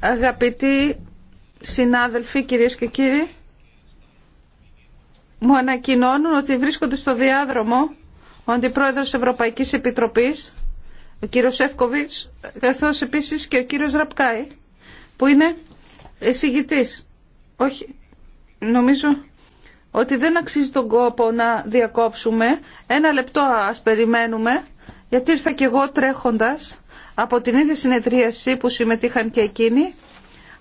Αγαπητοί συνάδελφοι, κυρίες και κύριοι, μου ανακοινώνουν ότι βρίσκονται στο διάδρομο ο Αντιπρόεδρος Ευρωπαϊκής Επιτροπής, ο κύριος Σεύκοβιτς, καθώς επίσης και ο κύριος Ραπκάη, που είναι εισηγητής. Όχι, νομίζω ότι δεν αξίζει τον κόπο να διακόψουμε. Ένα λεπτό ας περιμένουμε γιατί ήρθα και εγώ τρέχοντας από την ίδια συνεδρίαση που συμμετείχαν και εκείνοι,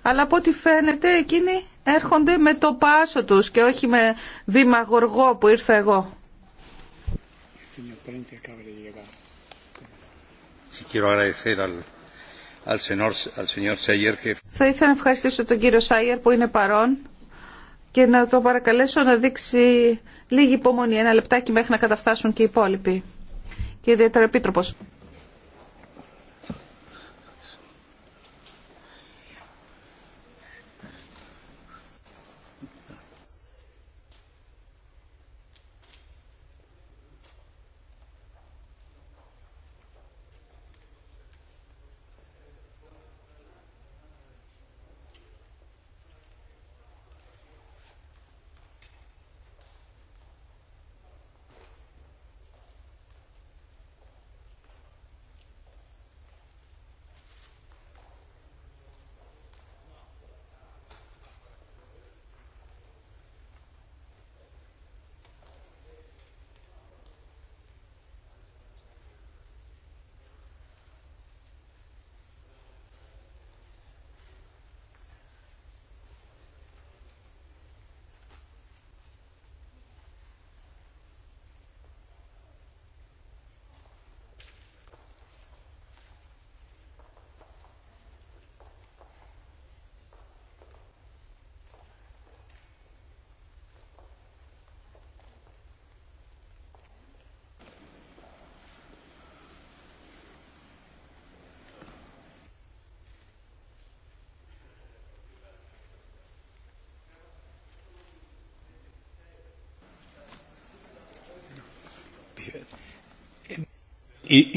αλλά από ό,τι φαίνεται εκείνοι έρχονται με το πάσο τους και όχι με βήμα γοργό που ήρθα εγώ. Θα ήθελα να ευχαριστήσω τον κύριο Σάιερ που είναι παρόν και να το παρακαλέσω να δείξει λίγη υπομονή, ένα λεπτάκι μέχρι να καταφτάσουν και οι υπόλοιποι και ιδιαίτερα επίτροπο.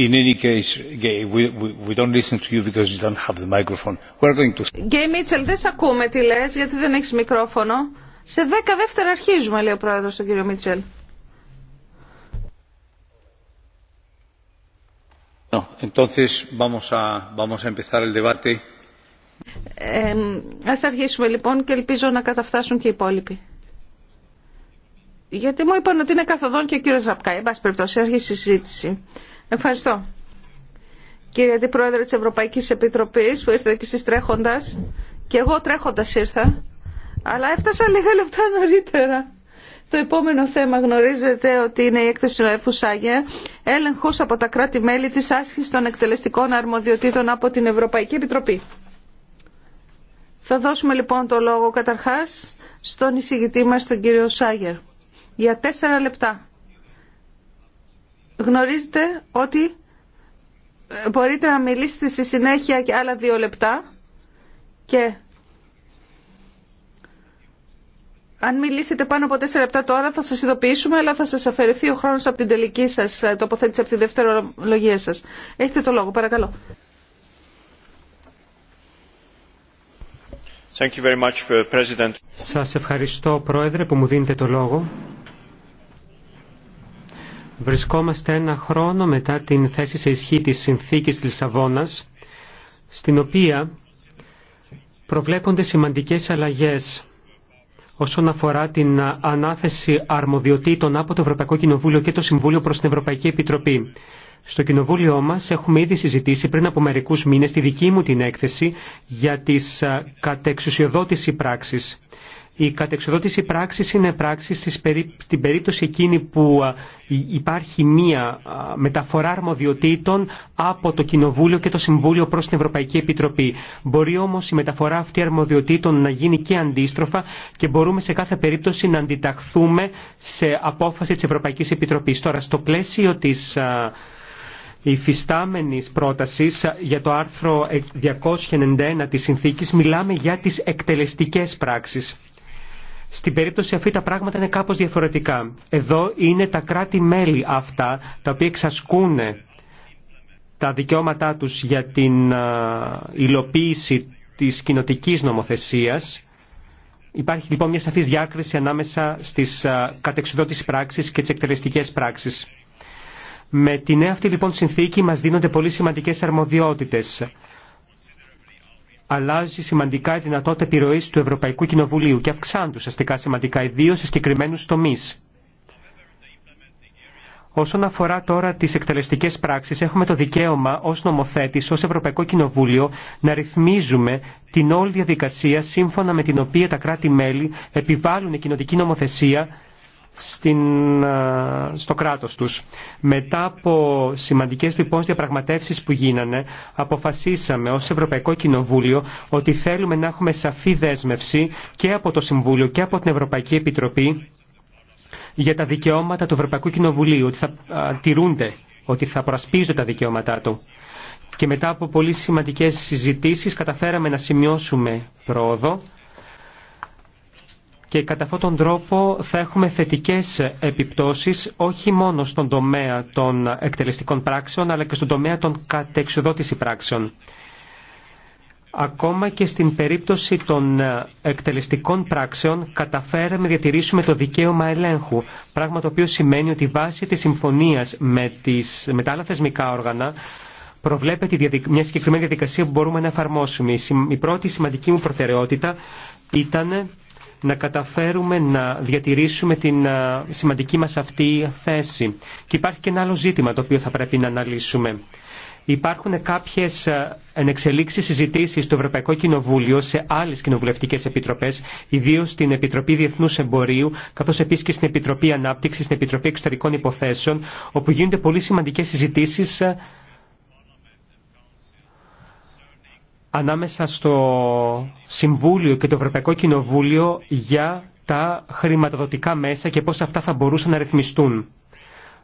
In any case, Gay, we don't listen to you because you don't have the microphone. We're going to. Gay Mitchell, δεν σε ακούμε τι λες, γιατί δεν έχεις μικρόφωνο. Σε δέκα δεύτερα αρχίζουμε, λέει ο πρόεδρος τον κύριο Μίτσελ. No, entonces vamos a, vamos a empezar el debate. Ε, ας αρχίσουμε λοιπόν και ελπίζω να καταφτάσουν και οι υπόλοιποι. Γιατί μου είπαν ότι είναι καθοδόν και ο κύριο Ζαπκά. Εν πάση περιπτώσει, έρχεται η συζήτηση. Ευχαριστώ. Κύριε Αντιπρόεδρε τη Ευρωπαϊκή Επιτροπή, που ήρθατε και εσεί τρέχοντας. Και εγώ τρέχοντα ήρθα. Αλλά έφτασα λίγα λεπτά νωρίτερα. Το επόμενο θέμα γνωρίζετε ότι είναι η έκθεση του νοέφου Σάγερ, έλεγχο από τα κράτη-μέλη τη άσκηση των εκτελεστικών αρμοδιοτήτων από την Ευρωπαϊκή Επιτροπή. Θα δώσουμε λοιπόν το λόγο καταρχά στον εισηγητή μα, τον κύριο Σάγερ για τέσσερα λεπτά. Γνωρίζετε ότι ε, μπορείτε να μιλήσετε στη συνέχεια και άλλα δύο λεπτά και αν μιλήσετε πάνω από τέσσερα λεπτά τώρα θα σας ειδοποιήσουμε αλλά θα σας αφαιρεθεί ο χρόνος από την τελική σας ε, τοποθέτηση από τη δευτερολογία σας. Έχετε το λόγο, παρακαλώ. Thank uh, Σας ευχαριστώ, Πρόεδρε, που μου δίνετε το λόγο. Βρισκόμαστε ένα χρόνο μετά την θέση σε ισχύ της συνθήκης Λισαβόνας, στην οποία προβλέπονται σημαντικές αλλαγές όσον αφορά την ανάθεση αρμοδιοτήτων από το Ευρωπαϊκό Κοινοβούλιο και το Συμβούλιο προς την Ευρωπαϊκή Επιτροπή. Στο κοινοβούλιο μας έχουμε ήδη συζητήσει πριν από μερικούς μήνες τη δική μου την έκθεση για τις κατεξουσιοδότηση πράξεις. Η κατεξοδότηση πράξη είναι πράξη στην περίπτωση εκείνη που υπάρχει μία μεταφορά αρμοδιοτήτων από το Κοινοβούλιο και το Συμβούλιο προς την Ευρωπαϊκή Επιτροπή. Μπορεί όμως η μεταφορά αυτή αρμοδιοτήτων να γίνει και αντίστροφα και μπορούμε σε κάθε περίπτωση να αντιταχθούμε σε απόφαση της Ευρωπαϊκής Επιτροπής. Τώρα, στο πλαίσιο της υφιστάμενης πρότασης για το άρθρο 291 ε, της συνθήκης μιλάμε για τις εκτελεστικές πράξεις. Στην περίπτωση αυτή τα πράγματα είναι κάπως διαφορετικά. Εδώ είναι τα κράτη-μέλη αυτά τα οποία εξασκούν τα δικαιώματά τους για την υλοποίηση της κοινοτικής νομοθεσίας. Υπάρχει λοιπόν μια σαφής διάκριση ανάμεσα στις κατεξουδότης πράξεις και τις εκτελεστικές πράξεις. Με την νέα αυτή λοιπόν συνθήκη μας δίνονται πολύ σημαντικές αρμοδιότητες αλλάζει σημαντικά η δυνατότητα επιρροή του Ευρωπαϊκού Κοινοβουλίου και αυξάνουν ουσιαστικά σημαντικά, ιδίω σε συγκεκριμένου τομεί. Όσον αφορά τώρα τι εκτελεστικέ πράξει, έχουμε το δικαίωμα ω νομοθέτη, ω Ευρωπαϊκό Κοινοβούλιο, να ρυθμίζουμε την όλη διαδικασία σύμφωνα με την οποία τα κράτη-μέλη επιβάλλουν η κοινοτική νομοθεσία στην, στο κράτος τους. Μετά από σημαντικές λοιπόν διαπραγματεύσεις που γίνανε, αποφασίσαμε ως Ευρωπαϊκό Κοινοβούλιο ότι θέλουμε να έχουμε σαφή δέσμευση και από το Συμβούλιο και από την Ευρωπαϊκή Επιτροπή για τα δικαιώματα του Ευρωπαϊκού Κοινοβουλίου, ότι θα τηρούνται, ότι θα προασπίζονται τα δικαιώματά του. Και μετά από πολύ σημαντικές συζητήσεις καταφέραμε να σημειώσουμε πρόοδο και κατά αυτόν τον τρόπο θα έχουμε θετικές επιπτώσεις όχι μόνο στον τομέα των εκτελεστικών πράξεων αλλά και στον τομέα των κατεξοδότηση πράξεων. Ακόμα και στην περίπτωση των εκτελεστικών πράξεων καταφέραμε να διατηρήσουμε το δικαίωμα ελέγχου, πράγμα το οποίο σημαίνει ότι βάσει της συμφωνίας με, τις, με τα άλλα θεσμικά όργανα προβλέπεται μια συγκεκριμένη διαδικασία που μπορούμε να εφαρμόσουμε. Η πρώτη σημαντική μου προτεραιότητα ήταν να καταφέρουμε να διατηρήσουμε την σημαντική μας αυτή θέση. Και υπάρχει και ένα άλλο ζήτημα το οποίο θα πρέπει να αναλύσουμε. Υπάρχουν κάποιες ενεξελίξεις συζητήσεις στο Ευρωπαϊκό Κοινοβούλιο σε άλλες κοινοβουλευτικές επιτροπές, ιδίως στην Επιτροπή Διεθνούς Εμπορίου, καθώς επίσης και στην Επιτροπή Ανάπτυξης, στην Επιτροπή Εξωτερικών Υποθέσεων, όπου γίνονται πολύ σημαντικές συζητήσεις ανάμεσα στο Συμβούλιο και το Ευρωπαϊκό Κοινοβούλιο για τα χρηματοδοτικά μέσα και πώς αυτά θα μπορούσαν να ρυθμιστούν.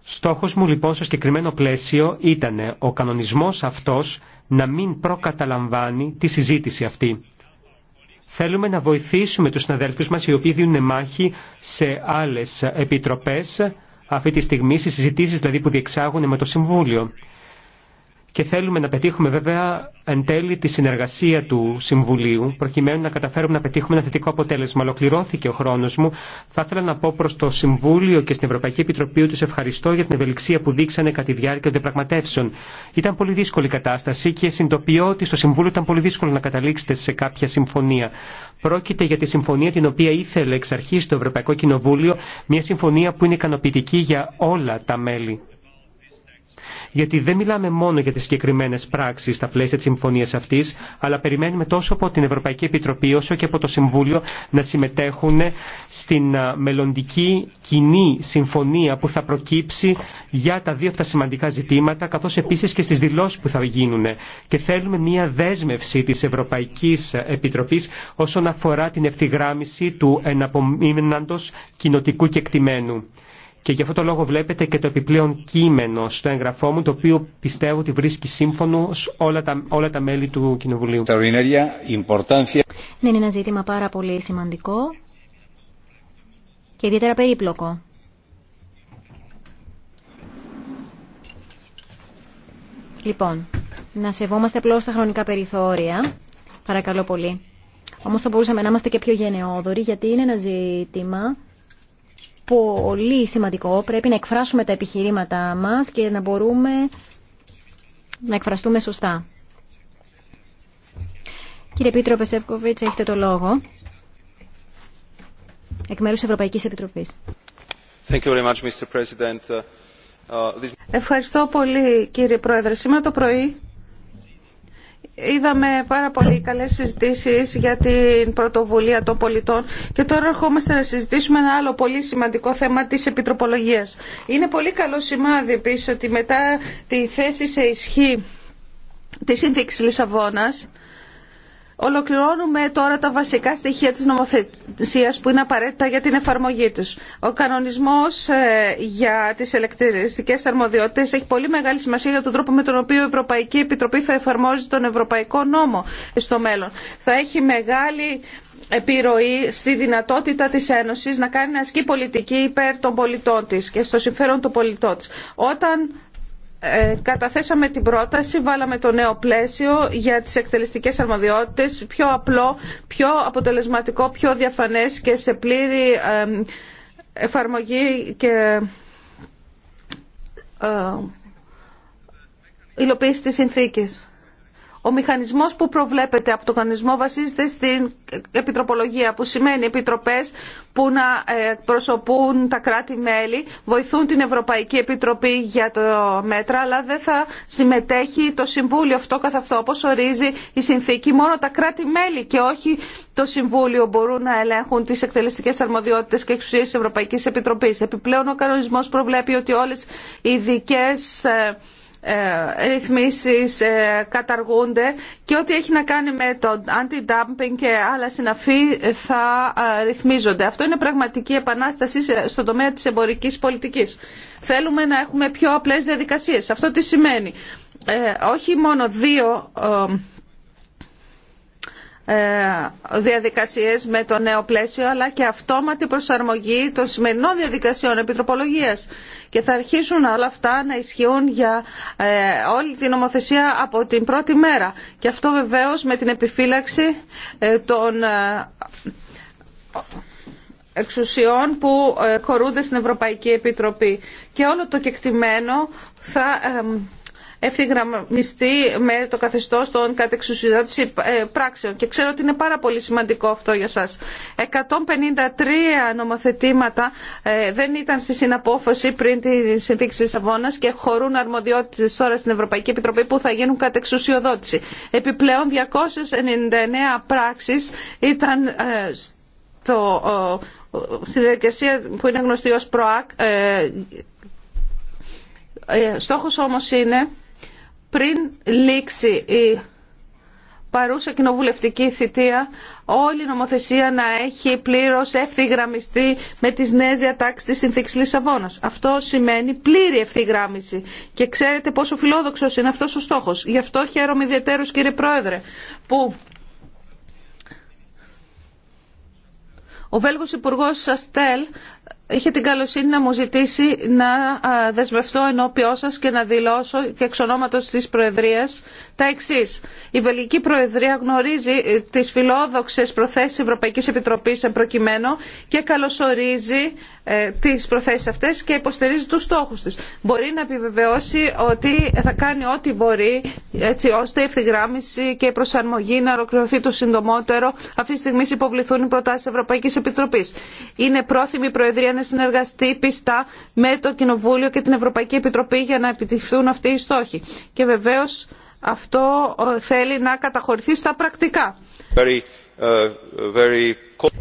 Στόχος μου λοιπόν στο συγκεκριμένο πλαίσιο ήταν ο κανονισμός αυτός να μην προκαταλαμβάνει τη συζήτηση αυτή. Θέλουμε να βοηθήσουμε τους συναδέλφους μας οι οποίοι δίνουν μάχη σε άλλες επιτροπές αυτή τη στιγμή, στις συζητήσεις δηλαδή που διεξάγουν με το Συμβούλιο και θέλουμε να πετύχουμε βέβαια εν τέλει τη συνεργασία του Συμβουλίου προκειμένου να καταφέρουμε να πετύχουμε ένα θετικό αποτέλεσμα. Ολοκληρώθηκε ο χρόνο μου. Θα ήθελα να πω προ το Συμβούλιο και στην Ευρωπαϊκή Επιτροπή ότι του ευχαριστώ για την ευελιξία που δείξανε κατά τη διάρκεια των διαπραγματεύσεων. Ήταν πολύ δύσκολη η κατάσταση και συνειδητοποιώ ότι στο Συμβούλιο ήταν πολύ δύσκολο να καταλήξετε σε κάποια συμφωνία. Πρόκειται για τη συμφωνία την οποία ήθελε εξ αρχή το Ευρωπαϊκό Κοινοβούλιο, μια συμφωνία που είναι ικανοποιητική για όλα τα μέλη γιατί δεν μιλάμε μόνο για τι συγκεκριμένε πράξεις στα πλαίσια τη συμφωνία αυτή, αλλά περιμένουμε τόσο από την Ευρωπαϊκή Επιτροπή όσο και από το Συμβούλιο να συμμετέχουν στην ε, μελλοντική κοινή συμφωνία που θα προκύψει για τα δύο αυτά σημαντικά ζητήματα, καθώς επίσης και στις δηλώσει που θα γίνουν. Και θέλουμε μια δέσμευση τη Ευρωπαϊκή Επιτροπή όσον αφορά την ευθυγράμμιση του εναπομείναντος κοινοτικού κεκτημένου. Και γι' αυτό το λόγο βλέπετε και το επιπλέον κείμενο στο εγγραφό μου, το οποίο πιστεύω ότι βρίσκει σύμφωνο όλα τα, όλα τα μέλη του Κοινοβουλίου. Ναι, είναι ένα ζήτημα πάρα πολύ σημαντικό και ιδιαίτερα περίπλοκο. Λοιπόν, να σεβόμαστε απλώ τα χρονικά περιθώρια. Παρακαλώ πολύ. Όμω θα μπορούσαμε να είμαστε και πιο γενναιόδοροι, γιατί είναι ένα ζήτημα πολύ σημαντικό. Πρέπει να εκφράσουμε τα επιχειρήματά μας και να μπορούμε να εκφραστούμε σωστά. Κύριε Πίτρο Πεσεύκοβιτς, έχετε το λόγο. Εκ μέρους της Ευρωπαϊκής Επιτροπής. Thank you very much, Mr. President. Uh, uh, Ευχαριστώ πολύ κύριε Πρόεδρε. Σήμερα το πρωί Είδαμε πάρα πολύ καλές συζητήσεις για την πρωτοβουλία των πολιτών και τώρα ερχόμαστε να συζητήσουμε ένα άλλο πολύ σημαντικό θέμα της επιτροπολογίας. Είναι πολύ καλό σημάδι επίσης ότι μετά τη θέση σε ισχύ της σύνθηκης Λισαβόνας Ολοκληρώνουμε τώρα τα βασικά στοιχεία της νομοθεσίας που είναι απαραίτητα για την εφαρμογή τους. Ο κανονισμός ε, για τις ελεκτριστικές αρμοδιότητες έχει πολύ μεγάλη σημασία για τον τρόπο με τον οποίο η Ευρωπαϊκή Επιτροπή θα εφαρμόζει τον Ευρωπαϊκό Νόμο στο μέλλον. Θα έχει μεγάλη επιρροή στη δυνατότητα της Ένωσης να κάνει ασκή πολιτική υπέρ των πολιτών της και στο συμφέρον των πολιτών της. Όταν ε, καταθέσαμε την πρόταση, βάλαμε το νέο πλαίσιο για τις εκτελεστικές αρμοδιότητες, πιο απλό, πιο αποτελεσματικό, πιο διαφανές και σε πλήρη εφαρμογή και ε, υλοποίηση της συνθήκης. Ο μηχανισμός που προβλέπεται από τον κανονισμό βασίζεται στην επιτροπολογία, που σημαίνει επιτροπές που να ε, προσωπούν τα κράτη-μέλη, βοηθούν την Ευρωπαϊκή Επιτροπή για το μέτρα, αλλά δεν θα συμμετέχει το Συμβούλιο αυτό καθ' αυτό, όπως ορίζει η συνθήκη. Μόνο τα κράτη-μέλη και όχι το Συμβούλιο μπορούν να ελέγχουν τις εκτελεστικές αρμοδιότητες και εξουσίες της Ευρωπαϊκής Επιτροπής. Επιπλέον, ο κανονισμός προβλέπει ότι όλες οι ειδικές ε, ε, ρυθμίσεις ε, καταργούνται και ό,τι έχει να κάνει με το anti-dumping και άλλα συναφή θα ε, ρυθμίζονται. Αυτό είναι πραγματική επανάσταση στον τομέα της εμπορικής πολιτικής. Θέλουμε να έχουμε πιο απλές διαδικασίες. Αυτό τι σημαίνει. Όχι μόνο δύο ε, διαδικασίες με το νέο πλαίσιο αλλά και αυτόματη προσαρμογή των σημερινών διαδικασιών επιτροπολογίας και θα αρχίσουν όλα αυτά να ισχύουν για ε, όλη την νομοθεσία από την πρώτη μέρα και αυτό βεβαίως με την επιφύλαξη ε, των εξουσιών που χωρούνται στην Ευρωπαϊκή Επιτροπή και όλο το κεκτημένο θα ευθυγραμμιστεί με το καθεστώς των κατεξουσιοδότηση ε, πράξεων. Και ξέρω ότι είναι πάρα πολύ σημαντικό αυτό για σας. 153 νομοθετήματα ε, δεν ήταν στη συναπόφαση πριν τη συνθήκη τη Αβώνα και χωρούν αρμοδιότητες τώρα στην Ευρωπαϊκή Επιτροπή που θα γίνουν κατεξουσιοδότηση. Επιπλέον 299 πράξεις ήταν ε, στη διαδικασία που είναι γνωστή ως ΠΡΟΑΚ. Ε, ε, στόχος όμως είναι λήξει η παρούσα κοινοβουλευτική θητεία όλη η νομοθεσία να έχει πλήρως ευθυγραμμιστεί με τις νέες διατάξεις της Συνθήκης Λισαβόνας. Αυτό σημαίνει πλήρη ευθυγράμμιση και ξέρετε πόσο φιλόδοξος είναι αυτός ο στόχος. Γι' αυτό χαίρομαι ιδιαίτερος κύριε Πρόεδρε που ο Βέλγος Υπουργός Σαστέλ είχε την καλοσύνη να μου ζητήσει να δεσμευτώ ενώπιό σα και να δηλώσω και εξ ονόματο τη Προεδρία τα εξή. Η Βελγική Προεδρία γνωρίζει ε, τι φιλόδοξε προθέσει Ευρωπαϊκή Επιτροπή εν προκειμένου και καλωσορίζει ε, τι προθέσει αυτέ και υποστηρίζει του στόχου τη. Μπορεί να επιβεβαιώσει ότι θα κάνει ό,τι μπορεί έτσι ώστε η ευθυγράμμιση και η προσαρμογή να ολοκληρωθεί το συντομότερο. Αυτή τη στιγμή υποβληθούν οι προτάσει Ευρωπαϊκή Επιτροπή. Είναι πρόθυμη Προεδρία να συνεργαστεί πιστά με το Κοινοβούλιο και την Ευρωπαϊκή Επιτροπή για να επιτυχθούν αυτοί οι στόχοι. Και βεβαίω αυτό ε, θέλει να καταχωρηθεί στα πρακτικά. Ε,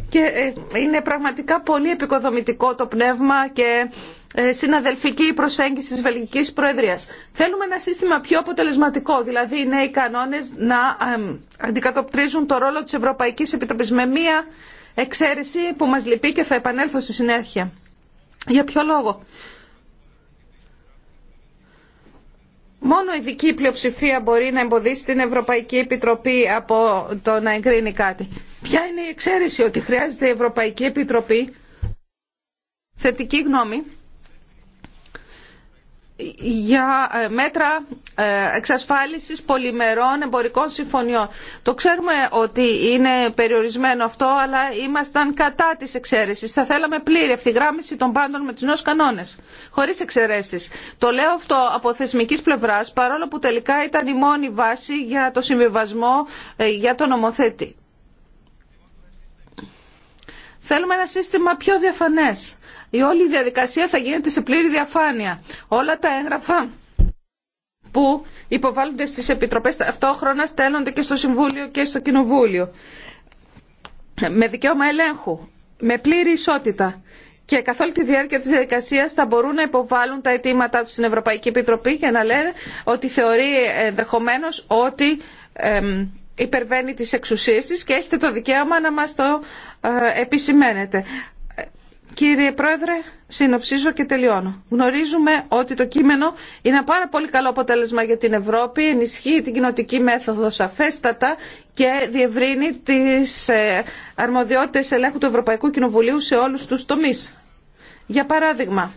και ε, είναι πραγματικά πολύ επικοδομητικό το πνεύμα και συναδελφική η προσέγγιση της Βελγικής Προεδρίας. Θέλουμε ένα σύστημα πιο αποτελεσματικό, δηλαδή οι νέοι κανόνες να αντικατοπτρίζουν το ρόλο της Ευρωπαϊκής Επιτροπής με μία εξαίρεση που μας λυπεί και θα επανέλθω στη συνέχεια. Για ποιο λόγο. Μόνο η δική πλειοψηφία μπορεί να εμποδίσει την Ευρωπαϊκή Επιτροπή από το να εγκρίνει κάτι. Ποια είναι η εξαίρεση ότι χρειάζεται η Ευρωπαϊκή Επιτροπή θετική γνώμη για ε, μέτρα ε, εξασφάλισης πολυμερών εμπορικών συμφωνιών. Το ξέρουμε ότι είναι περιορισμένο αυτό, αλλά ήμασταν κατά της εξαίρεσης. Θα θέλαμε πλήρη ευθυγράμμιση των πάντων με τους νέους κανόνες, χωρίς εξαιρέσεις. Το λέω αυτό από θεσμικής πλευράς, παρόλο που τελικά ήταν η μόνη βάση για το συμβιβασμό ε, για τον νομοθέτη. Θέλουμε ένα σύστημα πιο διαφανές η όλη διαδικασία θα γίνεται σε πλήρη διαφάνεια. Όλα τα έγγραφα που υποβάλλονται στις επιτροπές ταυτόχρονα στέλνονται και στο Συμβούλιο και στο Κοινοβούλιο. Με δικαίωμα ελέγχου, με πλήρη ισότητα και καθ' όλη τη διάρκεια της διαδικασίας θα μπορούν να υποβάλουν τα αιτήματά του στην Ευρωπαϊκή Επιτροπή και να λένε ότι θεωρεί ενδεχομένω ότι υπερβαίνει τις εξουσίες της και έχετε το δικαίωμα να μας το ε, επισημαίνετε. Κύριε Πρόεδρε, συνοψίζω και τελειώνω. Γνωρίζουμε ότι το κείμενο είναι ένα πάρα πολύ καλό αποτέλεσμα για την Ευρώπη, ενισχύει την κοινοτική μέθοδο σαφέστατα και διευρύνει τις ε, αρμοδιότητες ελέγχου του Ευρωπαϊκού Κοινοβουλίου σε όλους τους τομείς. Για παράδειγμα,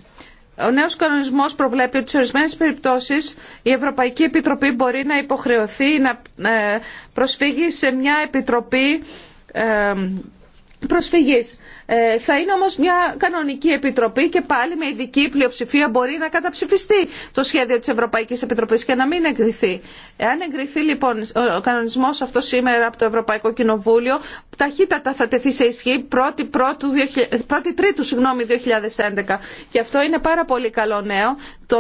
ο νέος κανονισμός προβλέπει ότι σε ορισμένε περιπτώσεις η Ευρωπαϊκή Επιτροπή μπορεί να υποχρεωθεί να ε, προσφύγει σε μια επιτροπή ε, προσφυγής. Ε, θα είναι όμως μια κανονική επιτροπή και πάλι με ειδική πλειοψηφία μπορεί να καταψηφιστεί το σχέδιο της Ευρωπαϊκής Επιτροπής και να μην εγκριθεί. Εάν εγκριθεί λοιπόν ο κανονισμός αυτό σήμερα από το Ευρωπαϊκό Κοινοβούλιο, ταχύτατα θα τεθεί σε ισχύ 1η, Τρίτου 2011. Και αυτό είναι πάρα πολύ καλό νέο. Το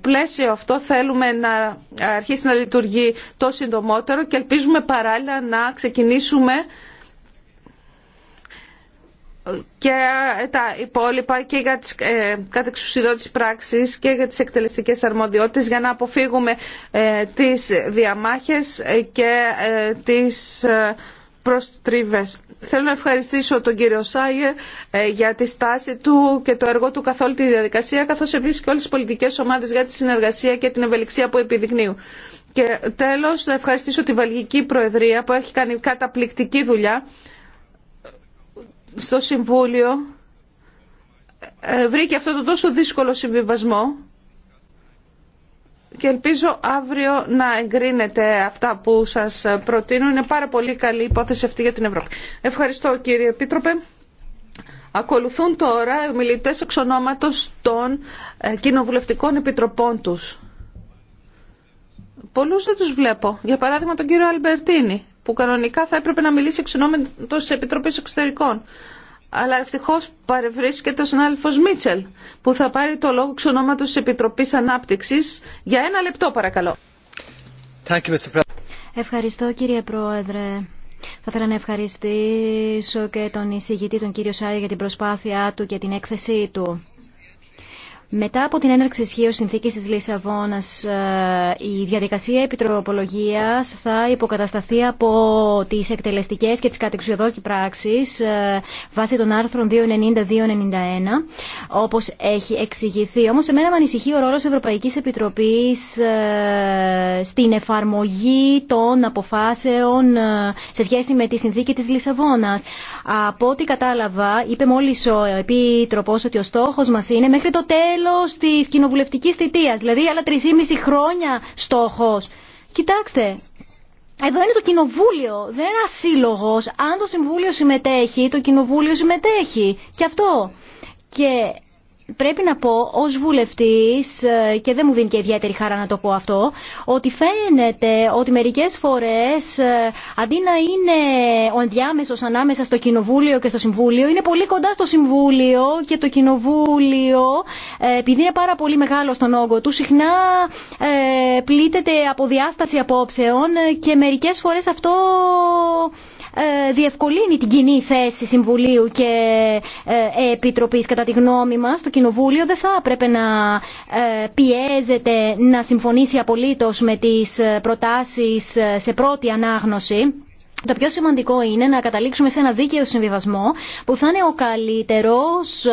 πλαίσιο αυτό θέλουμε να αρχίσει να λειτουργεί το συντομότερο και ελπίζουμε παράλληλα να ξεκινήσουμε και τα υπόλοιπα και για τις ε, κατεξουσιδότητες πράξεις και για τις εκτελεστικές αρμοδιότητες για να αποφύγουμε ε, τις διαμάχες ε, και ε, τις ε, προστρίβες. Θέλω να ευχαριστήσω τον κύριο Σάιε ε, για τη στάση του και το έργο του καθ' όλη τη διαδικασία καθώς επίσης και όλες τις πολιτικές ομάδες για τη συνεργασία και την ευελιξία που επιδεικνύουν. Και τέλος να ευχαριστήσω τη Βαλγική Προεδρία που έχει κάνει καταπληκτική δουλειά στο Συμβούλιο ε, βρήκε αυτό το τόσο δύσκολο συμβιβασμό και ελπίζω αύριο να εγκρίνετε αυτά που σας προτείνω. Είναι πάρα πολύ καλή υπόθεση αυτή για την Ευρώπη. Ευχαριστώ κύριε Επίτροπε. Ακολουθούν τώρα οι μιλητές εξ των ε, κοινοβουλευτικών επιτροπών τους. Πολλούς δεν τους βλέπω. Για παράδειγμα τον κύριο Αλμπερτίνη που κανονικά θα έπρεπε να μιλήσει εξονόμενο τη Επιτροπή Εξωτερικών. Αλλά ευτυχώ παρευρίσκεται ο συνάδελφο Μίτσελ, που θα πάρει το λόγο εξ τη Επιτροπή Ανάπτυξη. Για ένα λεπτό, παρακαλώ. Ευχαριστώ, κύριε Πρόεδρε. Θα ήθελα να ευχαριστήσω και τον εισηγητή, τον κύριο Σάιο, για την προσπάθειά του και την έκθεσή του. Μετά από την έναρξη ισχύω συνθήκη τη Λισαβόνα, ε, η διαδικασία επιτροπολογία θα υποκατασταθεί από τι εκτελεστικέ και τι κατεξιοδόκη πράξει ε, βάσει των άρθρων 290-291, όπω έχει εξηγηθεί. Όμω, εμένα με ανησυχεί ο ρόλο Ευρωπαϊκή Επιτροπή ε, στην εφαρμογή των αποφάσεων σε σχέση με τη συνθήκη τη Λισαβόνα. Από ό,τι κατάλαβα, είπε μόλι ο Επίτροπο ότι ο στόχο μα είναι μέχρι το τέλο Μέλο τη κοινοβουλευτική θητεία. δηλαδή άλλα 3,5 χρόνια στόχο. Κοιτάξτε, εδώ είναι το κοινοβούλιο, δεν είναι ένα σύλλογο. Αν το συμβούλιο συμμετέχει, το κοινοβούλιο συμμετέχει. Και αυτό. Και πρέπει να πω ως βουλευτής ε, και δεν μου δίνει και ιδιαίτερη χαρά να το πω αυτό ότι φαίνεται ότι μερικές φορές ε, αντί να είναι ο ενδιάμεσος ανάμεσα στο Κοινοβούλιο και στο Συμβούλιο είναι πολύ κοντά στο Συμβούλιο και το Κοινοβούλιο ε, επειδή είναι πάρα πολύ μεγάλο στον όγκο του συχνά πλήττεται από διάσταση απόψεων και μερικές φορές αυτό ε, διευκολύνει την κοινή θέση Συμβουλίου και ε, Επιτροπής κατά τη γνώμη μας. Το Κοινοβούλιο δεν θα έπρεπε να ε, πιέζεται να συμφωνήσει απολύτως με τις προτάσεις σε πρώτη ανάγνωση. Το πιο σημαντικό είναι να καταλήξουμε σε ένα δίκαιο συμβιβασμό που θα είναι ο καλύτερος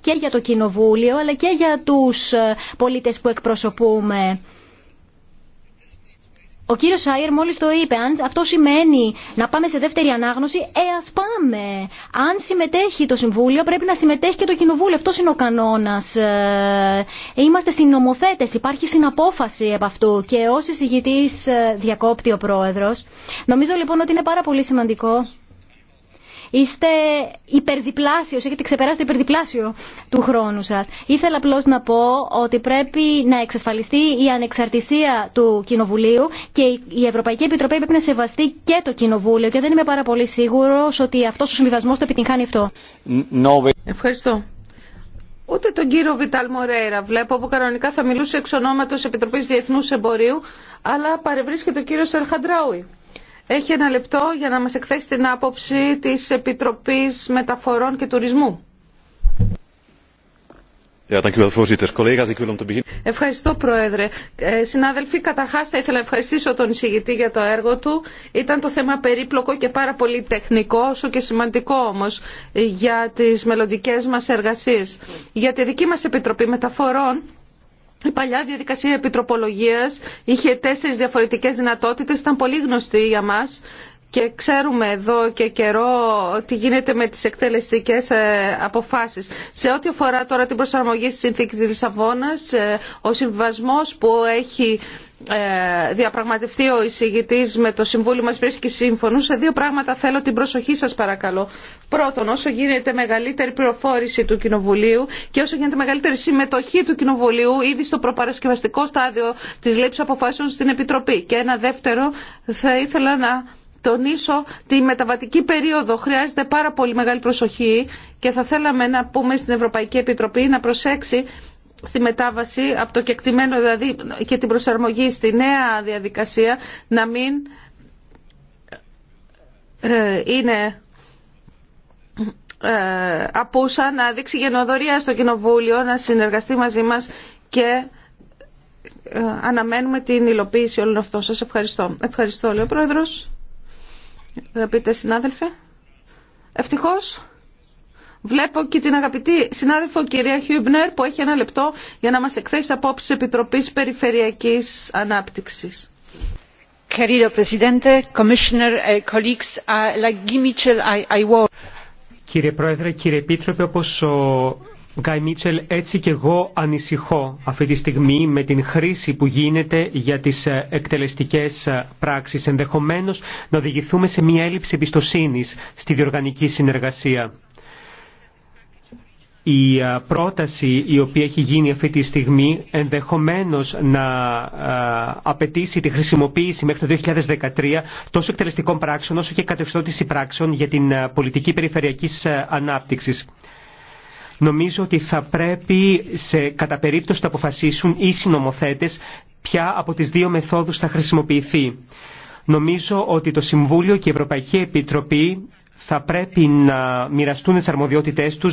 και για το Κοινοβούλιο αλλά και για τους πολίτες που εκπροσωπούμε. Ο κύριος Σάιερ μόλις το είπε, αν αυτό σημαίνει να πάμε σε δεύτερη ανάγνωση, ε, ας πάμε. Αν συμμετέχει το Συμβούλιο, πρέπει να συμμετέχει και το Κοινοβούλιο. Αυτός είναι ο κανόνας. Ε, είμαστε συνομοθέτες, υπάρχει συναπόφαση από αυτού. Και ως εισηγητής ε, διακόπτει ο Πρόεδρος. Νομίζω λοιπόν ότι είναι πάρα πολύ σημαντικό Είστε υπερδιπλάσιος, έχετε ξεπεράσει το υπερδιπλάσιο του χρόνου σας. Ήθελα απλώς να πω ότι πρέπει να εξασφαλιστεί η ανεξαρτησία του Κοινοβουλίου και η Ευρωπαϊκή Επιτροπή πρέπει να σεβαστεί και το Κοινοβούλιο και δεν είμαι πάρα πολύ σίγουρος ότι αυτός ο συμβιβασμός το επιτυγχάνει αυτό. Ευχαριστώ. Ούτε τον κύριο Βιτάλ Μορέιρα βλέπω που κανονικά θα μιλούσε εξ ονόματος Επιτροπής Διεθνούς Εμπορίου αλλά παρευρίσκεται ο κύριος Ελχαντράουι. Έχει ένα λεπτό για να μας εκθέσει την άποψη της Επιτροπής Μεταφορών και Τουρισμού. Ευχαριστώ, Πρόεδρε. Ε, συνάδελφοι, καταρχά θα ήθελα να ευχαριστήσω τον εισηγητή για το έργο του. Ήταν το θέμα περίπλοκο και πάρα πολύ τεχνικό, όσο και σημαντικό όμω για τι μελλοντικέ μα εργασίε. Για τη δική μα Επιτροπή Μεταφορών η παλιά διαδικασία επιτροπολογίας είχε τέσσερις διαφορετικές δυνατότητες, ήταν πολύ γνωστή για μας και ξέρουμε εδώ και καιρό τι γίνεται με τις εκτελεστικές ε, αποφάσεις. Σε ό,τι αφορά τώρα την προσαρμογή στη συνθήκη της Λισαβόνας, ε, ο συμβασμός που έχει ε, διαπραγματευτεί ο εισηγητής με το Συμβούλιο μας βρίσκει σύμφωνο. Σε δύο πράγματα θέλω την προσοχή σας παρακαλώ. Πρώτον, όσο γίνεται μεγαλύτερη πληροφόρηση του Κοινοβουλίου και όσο γίνεται μεγαλύτερη συμμετοχή του Κοινοβουλίου ήδη στο προπαρασκευαστικό στάδιο της λήψης αποφάσεων στην Επιτροπή. Και ένα δεύτερο, θα ήθελα να τονίσω τη μεταβατική περίοδο. Χρειάζεται πάρα πολύ μεγάλη προσοχή και θα θέλαμε να πούμε στην Ευρωπαϊκή Επιτροπή να προσέξει στη μετάβαση από το κεκτημένο δηλαδή και την προσαρμογή στη νέα διαδικασία να μην ε, είναι ε, απούσα να δείξει γενοδορία στο Κοινοβούλιο να συνεργαστεί μαζί μας και ε, αναμένουμε την υλοποίηση όλων αυτών. Σας ευχαριστώ. Ευχαριστώ, λέει ο αγαπητέ συνάδελφε. Ευτυχώς βλέπω και την αγαπητή συνάδελφο κυρία Χιούμπνερ που έχει ένα λεπτό για να μας εκθέσει απόψη της Επιτροπής Περιφερειακής Ανάπτυξης. Eh, uh, κύριε Πρόεδρε, κύριε Επίτροπε, όπω ο Γκάι Μίτσελ, έτσι και εγώ ανησυχώ αυτή τη στιγμή με την χρήση που γίνεται για τις ε, εκτελεστικές ε, πράξεις, ενδεχομένως να οδηγηθούμε σε μια έλλειψη εμπιστοσύνη στη διοργανική συνεργασία. Η ε, πρόταση η οποία έχει γίνει αυτή τη στιγμή ενδεχομένως να απαιτήσει τη χρησιμοποίηση μέχρι το 2013 τόσο εκτελεστικών πράξεων όσο και κατευθυνότηση πράξεων για την πολιτική περιφερειακής ανάπτυξης. Νομίζω ότι θα πρέπει σε κατά περίπτωση να αποφασίσουν οι συνομοθέτες ποια από τις δύο μεθόδους θα χρησιμοποιηθεί. Νομίζω ότι το Συμβούλιο και η Ευρωπαϊκή Επιτροπή θα πρέπει να μοιραστούν τι αρμοδιότητέ του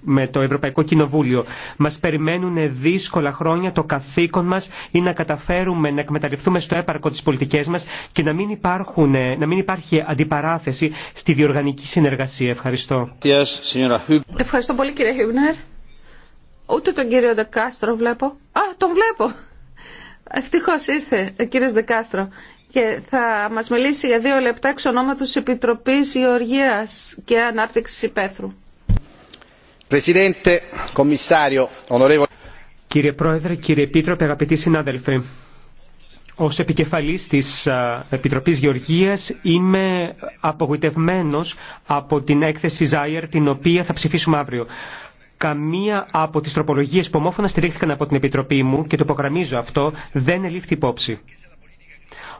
με, το Ευρωπαϊκό Κοινοβούλιο. Μα περιμένουν δύσκολα χρόνια. Το καθήκον μα ή να καταφέρουμε να εκμεταλλευτούμε στο έπαρκο τι πολιτικέ μα και να μην, υπάρχουν... να μην υπάρχει αντιπαράθεση στη διοργανική συνεργασία. Ευχαριστώ. Ευχαριστώ πολύ κύριε Ούτε τον κύριο Δεκάστρο βλέπω. Α, τον βλέπω. Ευτυχώ ήρθε ο κύριο Δεκάστρο και θα μας μιλήσει για δύο λεπτά εξ ονόματος Επιτροπής Γεωργίας και Ανάπτυξης Υπέθρου. Κύριε Πρόεδρε, κύριε Επίτροπε, αγαπητοί συνάδελφοι, ως επικεφαλής της Επιτροπής Γεωργίας είμαι απογοητευμένος από την έκθεση Ζάιερ την οποία θα ψηφίσουμε αύριο. Καμία από τις τροπολογίες που ομόφωνα στηρίχθηκαν από την Επιτροπή μου και το υπογραμμίζω αυτό δεν ελήφθη υπόψη.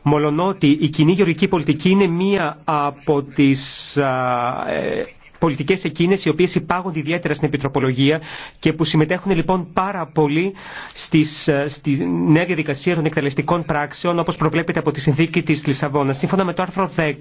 Μολονότι η κοινή γεωργική πολιτική είναι μία από τις ε, πολιτικές εκείνες οι οποίες υπάγονται ιδιαίτερα στην επιτροπολογία και που συμμετέχουν λοιπόν πάρα πολύ στις, ε, στη νέα διαδικασία των εκτελεστικών πράξεων όπως προβλέπεται από τη συνθήκη της Λισαβόνα. Σύμφωνα με το άρθρο 10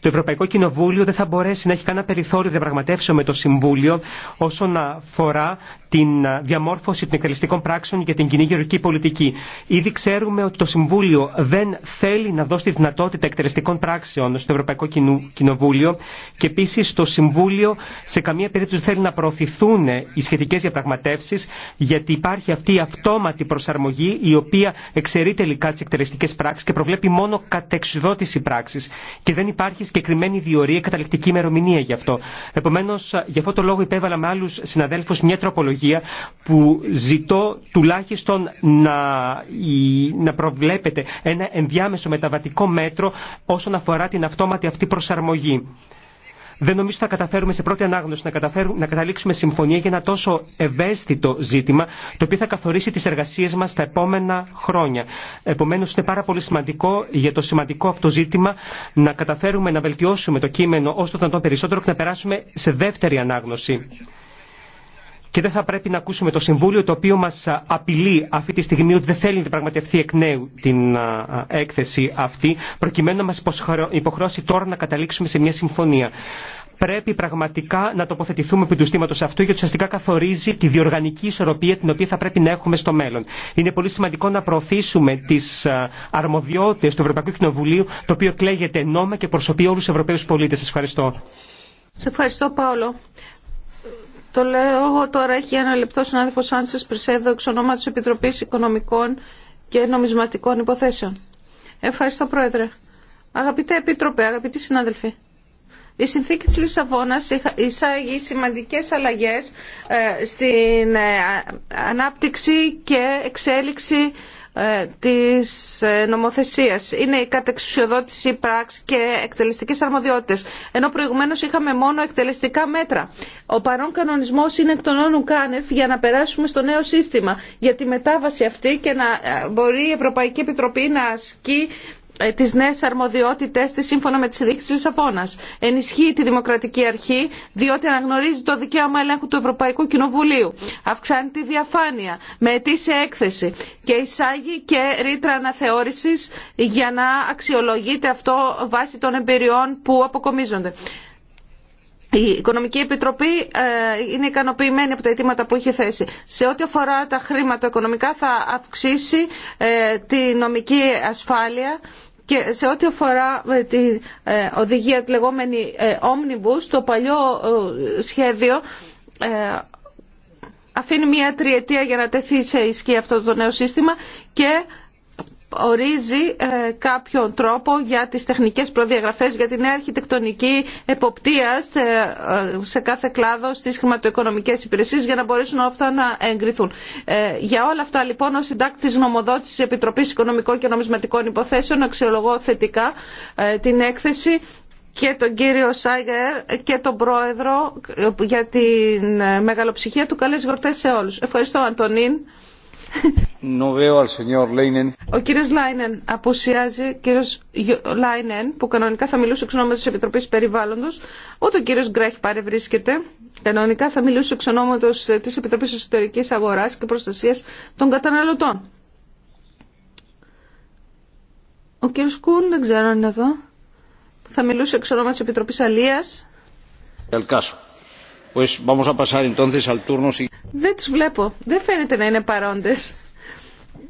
το Ευρωπαϊκό Κοινοβούλιο δεν θα μπορέσει να έχει κανένα περιθώριο διαπραγματεύσεων με το Συμβούλιο όσον αφορά την ε, διαμόρφωση των εκτελεστικών πράξεων για την κοινή γεωργική πολιτική. Ήδη ξέρουμε ότι το Συμβούλιο δεν θέλει να δώσει τη δυνατότητα εκτελεστικών πράξεων στο Ευρωπαϊκό Κοινοβούλιο και επίση το Συμβούλιο Συμβούλιο σε καμία περίπτωση δεν θέλει να προωθηθούν οι σχετικές διαπραγματεύσεις γιατί υπάρχει αυτή η αυτόματη προσαρμογή η οποία εξαιρεί τελικά τις εκτελεστικές πράξεις και προβλέπει μόνο κατεξουδότηση πράξης και δεν υπάρχει συγκεκριμένη διορία καταληκτική ημερομηνία γι' αυτό. Επομένως, γι' αυτό το λόγο υπέβαλα με άλλους συναδέλφους μια τροπολογία που ζητώ τουλάχιστον να, να προβλέπετε ένα ενδιάμεσο μεταβατικό μέτρο όσον αφορά την αυτόματη αυτή προσαρμογή. Δεν νομίζω ότι θα καταφέρουμε σε πρώτη ανάγνωση να, καταφέρουμε, να καταλήξουμε συμφωνία για ένα τόσο ευαίσθητο ζήτημα, το οποίο θα καθορίσει τι εργασίε μα τα επόμενα χρόνια. Επομένω, είναι πάρα πολύ σημαντικό για το σημαντικό αυτό ζήτημα να καταφέρουμε να βελτιώσουμε το κείμενο όσο το δυνατόν περισσότερο και να περάσουμε σε δεύτερη ανάγνωση και δεν θα πρέπει να ακούσουμε το Συμβούλιο το οποίο μας απειλεί αυτή τη στιγμή ότι δεν θέλει να πραγματευτεί εκ νέου την έκθεση αυτή προκειμένου να μας υποχρεώσει τώρα να καταλήξουμε σε μια συμφωνία πρέπει πραγματικά να τοποθετηθούμε επί του στήματο αυτού, γιατί ουσιαστικά καθορίζει τη διοργανική ισορροπία την οποία θα πρέπει να έχουμε στο μέλλον. Είναι πολύ σημαντικό να προωθήσουμε τι αρμοδιότητε του Ευρωπαϊκού Κοινοβουλίου, το οποίο κλέγεται νόμα και προσωπεί όλου του Ευρωπαίου πολίτε. Σα ευχαριστώ. Σε ευχαριστώ, Πάολο. Το λέω εγώ τώρα, έχει ένα λεπτό συνάδελφο Σάντσες Πρισέδο, εξ ονόμα Επιτροπής Οικονομικών και Νομισματικών Υποθέσεων. Ευχαριστώ Πρόεδρε. Αγαπητέ Επίτροπε, αγαπητοί συνάδελφοι. Η συνθήκη της Λισαβόνας εισάγει σημαντικές αλλαγές ε, στην ε, ανάπτυξη και εξέλιξη ε, της ε, νομοθεσίας. Είναι η κατεξουσιοδότηση πράξη και εκτελεστικές αρμοδιότητες. Ενώ προηγουμένως είχαμε μόνο εκτελεστικά μέτρα. Ο παρόν κανονισμός είναι εκ των όνων κάνευ για να περάσουμε στο νέο σύστημα για τη μετάβαση αυτή και να ε, μπορεί η Ευρωπαϊκή Επιτροπή να ασκεί ε, τι νέε αρμοδιότητε της σύμφωνα με τι ειδήσει της Λισαβόνα. Ενισχύει τη δημοκρατική αρχή διότι αναγνωρίζει το δικαίωμα ελέγχου του Ευρωπαϊκού Κοινοβουλίου. Αυξάνει τη διαφάνεια με αιτήσια έκθεση και εισάγει και ρήτρα αναθεώρηση για να αξιολογείται αυτό βάσει των εμπειριών που αποκομίζονται. Η Οικονομική Επιτροπή ε, είναι ικανοποιημένη από τα αιτήματα που είχε θέσει. Σε ό,τι αφορά τα χρήματα οικονομικά θα αυξήσει ε, τη νομική ασφάλεια και σε ό,τι αφορά ε, την ε, οδηγία τη λεγόμενη ε, Omnibus, το παλιό σχέδιο αφήνει μια τριετία για να τεθεί σε ισχύ αυτό το νέο σύστημα και ορίζει ε, κάποιον τρόπο για τις τεχνικές προδιαγραφές για την νέα αρχιτεκτονική εποπτεία ε, ε, σε κάθε κλάδο στις χρηματοοικονομικές υπηρεσίες για να μπορέσουν αυτά να εγκριθούν. Για όλα αυτά λοιπόν ο συντάκτης νομοδότησης Επιτροπής Οικονομικών και Νομισματικών Υποθέσεων αξιολογώ θετικά την έκθεση και τον κύριο Σάιγερ και τον πρόεδρο για την μεγαλοψυχία του. Καλές γιορτές σε όλους. Ευχαριστώ Αντωνίν. Ο κύριο Λάινεν απουσιάζει, κύριο Λάινεν, που κανονικά θα μιλούσε εξ ονόματο τη Επιτροπή Περιβάλλοντο, ούτε ο κύριο Γκρέχ παρευρίσκεται. Κανονικά θα μιλούσε εξ ονόματο ε, τη Επιτροπή Εσωτερική Αγορά και Προστασία των Καταναλωτών. Ο κύριο Κούν δεν ξέρω αν είναι εδώ. Θα μιλούσε εξ ονόματο τη Επιτροπή Αλία. Δεν του βλέπω. Δεν φαίνεται να είναι παρόντε.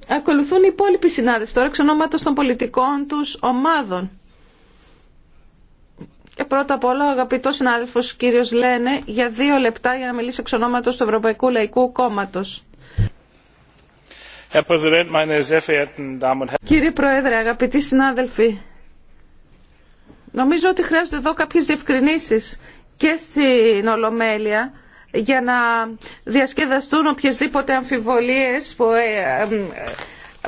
Ακολουθούν οι υπόλοιποι συνάδελφοι τώρα εξ ονόματος των πολιτικών τους ομάδων. Και πρώτα απ' όλα ο αγαπητός συνάδελφος κύριος Λένε για δύο λεπτά για να μιλήσει εξ ονόματος του Ευρωπαϊκού Λαϊκού Κόμματος. Κύριε Πρόεδρε, αγαπητοί συνάδελφοι, νομίζω ότι χρειάζονται εδώ κάποιες διευκρινήσεις και στην Ολομέλεια για να διασκεδαστούν οποιασδήποτε αμφιβολίες που ε, ε, ε,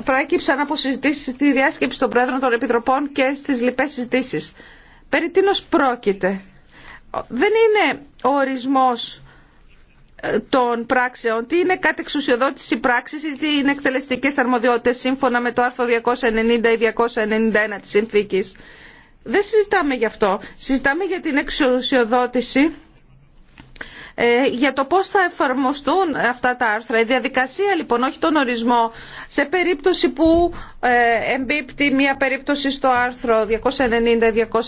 προέκυψαν από συζητήσεις στη διάσκεψη των Πρόεδρων των Επιτροπών και στις λοιπές συζητήσεις. Περί τίνος πρόκειται. Δεν είναι ο ορισμός των πράξεων, τι είναι κάτι εξουσιοδότηση πράξης ή τι είναι εκτελεστικές αρμοδιότητες σύμφωνα με το άρθρο 290 ή 291 της Συνθήκης. Δεν συζητάμε γι' αυτό. Συζητάμε για την εξουσιοδότηση ε, για το πώς θα εφαρμοστούν αυτά τα άρθρα. Η διαδικασία λοιπόν, όχι τον ορισμό, σε περίπτωση που ε, εμπίπτει μία περίπτωση στο άρθρο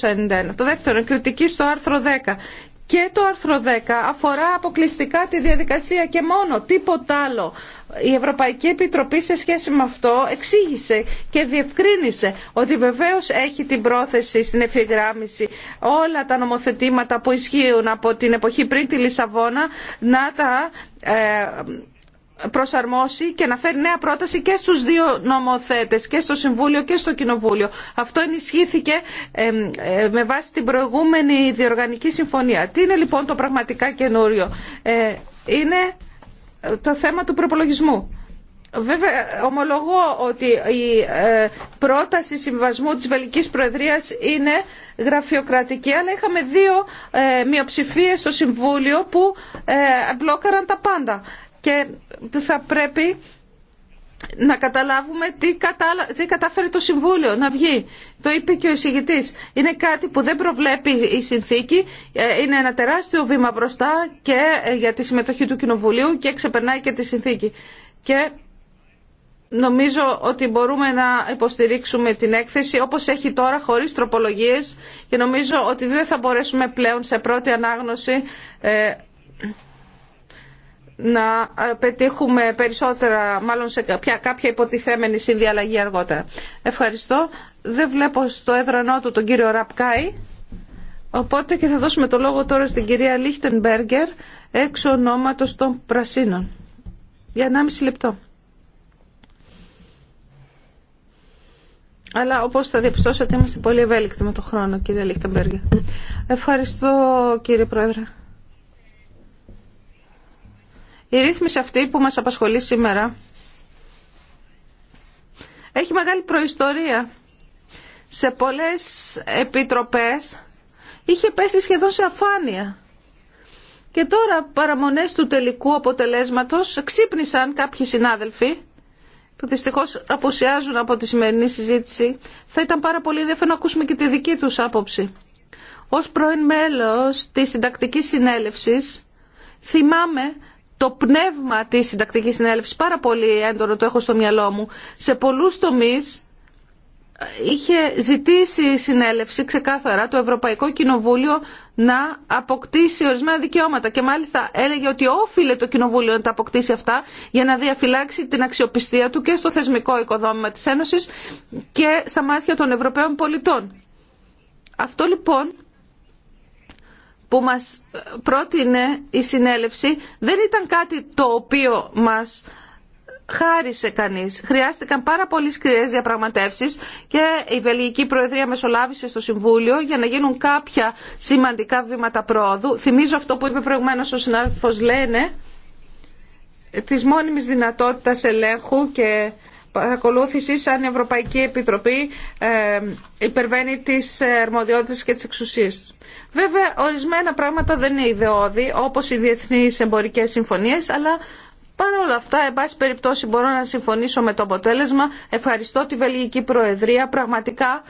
290-291. Το δεύτερο, κριτική στο άρθρο 10. Και το άρθρο 10 αφορά αποκλειστικά τη διαδικασία και μόνο, τίποτα άλλο. Η Ευρωπαϊκή Επιτροπή σε σχέση με αυτό εξήγησε και διευκρίνησε ότι βεβαίως έχει την πρόθεση στην εφηγράμμιση όλα τα νομοθετήματα που ισχύουν από την εποχή πριν τη Λισαβόνα να τα ε, προσαρμόσει και να φέρει νέα πρόταση και στους δύο νομοθέτες, και στο Συμβούλιο και στο Κοινοβούλιο. Αυτό ενισχύθηκε ε, με βάση την προηγούμενη διοργανική συμφωνία. Τι είναι λοιπόν το πραγματικά καινούριο. Ε, είναι ε, το θέμα του προπολογισμού. Βέβαια, ομολογώ ότι η πρόταση συμβασμού της Βελικής Προεδρίας είναι γραφειοκρατική, αλλά είχαμε δύο μειοψηφίες στο Συμβούλιο που μπλόκαραν τα πάντα και θα πρέπει να καταλάβουμε τι, κατάφερε το Συμβούλιο να βγει. Το είπε και ο εισηγητής. Είναι κάτι που δεν προβλέπει η συνθήκη. Ε, είναι ένα τεράστιο βήμα μπροστά και ε, για τη συμμετοχή του Κοινοβουλίου και ξεπερνάει και τη συνθήκη. Και νομίζω ότι μπορούμε να υποστηρίξουμε την έκθεση όπως έχει τώρα χωρίς τροπολογίες και νομίζω ότι δεν θα μπορέσουμε πλέον σε πρώτη ανάγνωση ε, να ε, πετύχουμε περισσότερα, μάλλον σε κάποια, κάποια υποτιθέμενη συνδιαλλαγή αργότερα. Ευχαριστώ. Δεν βλέπω στο έδρανό του τον κύριο Ραπκάη, οπότε και θα δώσουμε το λόγο τώρα στην κυρία Λίχτενμπέργκερ, έξω ονόματος των Πρασίνων. Για 1,5 λεπτό. Αλλά όπω θα διαπιστώσατε, είμαστε πολύ ευέλικτοι με τον χρόνο, κύριε Λίχτενμπέργκερ. Ευχαριστώ, κύριε Πρόεδρε. Η ρύθμιση αυτή που μας απασχολεί σήμερα έχει μεγάλη προϊστορία. Σε πολλές επιτροπές είχε πέσει σχεδόν σε αφάνεια. Και τώρα παραμονές του τελικού αποτελέσματος ξύπνησαν κάποιοι συνάδελφοι που δυστυχώς αποσιάζουν από τη σημερινή συζήτηση. Θα ήταν πάρα πολύ ενδιαφέρον να ακούσουμε και τη δική τους άποψη. Ως πρώην μέλος της συντακτικής συνέλευσης θυμάμαι το πνεύμα της συντακτική συνέλευση, πάρα πολύ έντονο το έχω στο μυαλό μου σε πολλούς τομεί ε, είχε ζητήσει η συνέλευση ξεκάθαρα το Ευρωπαϊκό Κοινοβούλιο να αποκτήσει ορισμένα δικαιώματα και μάλιστα έλεγε ότι όφιλε το Κοινοβούλιο να τα αποκτήσει αυτά για να διαφυλάξει την αξιοπιστία του και στο θεσμικό οικοδόμημα της Ένωσης και στα μάτια των Ευρωπαίων πολιτών. Αυτό λοιπόν που μας ε, πρότεινε η συνέλευση δεν ήταν κάτι το οποίο μας χάρισε κανείς. Χρειάστηκαν πάρα πολύ σκληρές διαπραγματεύσεις και η Βελγική Προεδρία μεσολάβησε στο Συμβούλιο για να γίνουν κάποια σημαντικά βήματα πρόοδου. Θυμίζω αυτό που είπε προηγουμένως ο συνάδελφος Λένε της μόνιμης δυνατότητας ελέγχου και παρακολούθηση αν η Ευρωπαϊκή Επιτροπή ε, υπερβαίνει τις αρμοδιότητες και τις εξουσίες. Βέβαια, ορισμένα πράγματα δεν είναι ιδεώδη, όπως οι διεθνείς εμπορικές συμφωνίες, αλλά Παρ' όλα αυτά, εν πάση περιπτώσει μπορώ να συμφωνήσω με το αποτέλεσμα. Ευχαριστώ τη Βελγική Προεδρία. Πραγματικά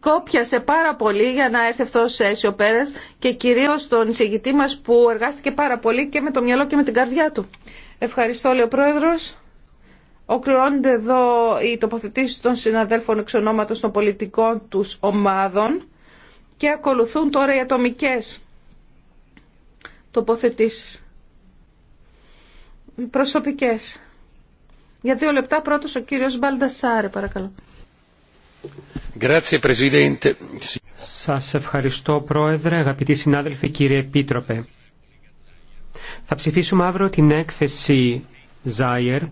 κόπιασε πάρα πολύ για να έρθει αυτό σε αίσιο πέρα και κυρίω τον εισηγητή μα που εργάστηκε πάρα πολύ και με το μυαλό και με την καρδιά του. Ευχαριστώ, λέει ο Πρόεδρος. Οκληρώνονται εδώ οι τοποθετήσει των συναδέλφων εξ των πολιτικών τους ομάδων και ακολουθούν τώρα οι ατομικέ τοποθετήσεις. Οι προσωπικές. Για δύο λεπτά πρώτος ο κύριος Μπαλντασάρη παρακαλώ. Σας ευχαριστώ Πρόεδρε, αγαπητοί συνάδελφοι, κύριε Επίτροπε. Θα ψηφίσουμε αύριο την έκθεση Ζάιερ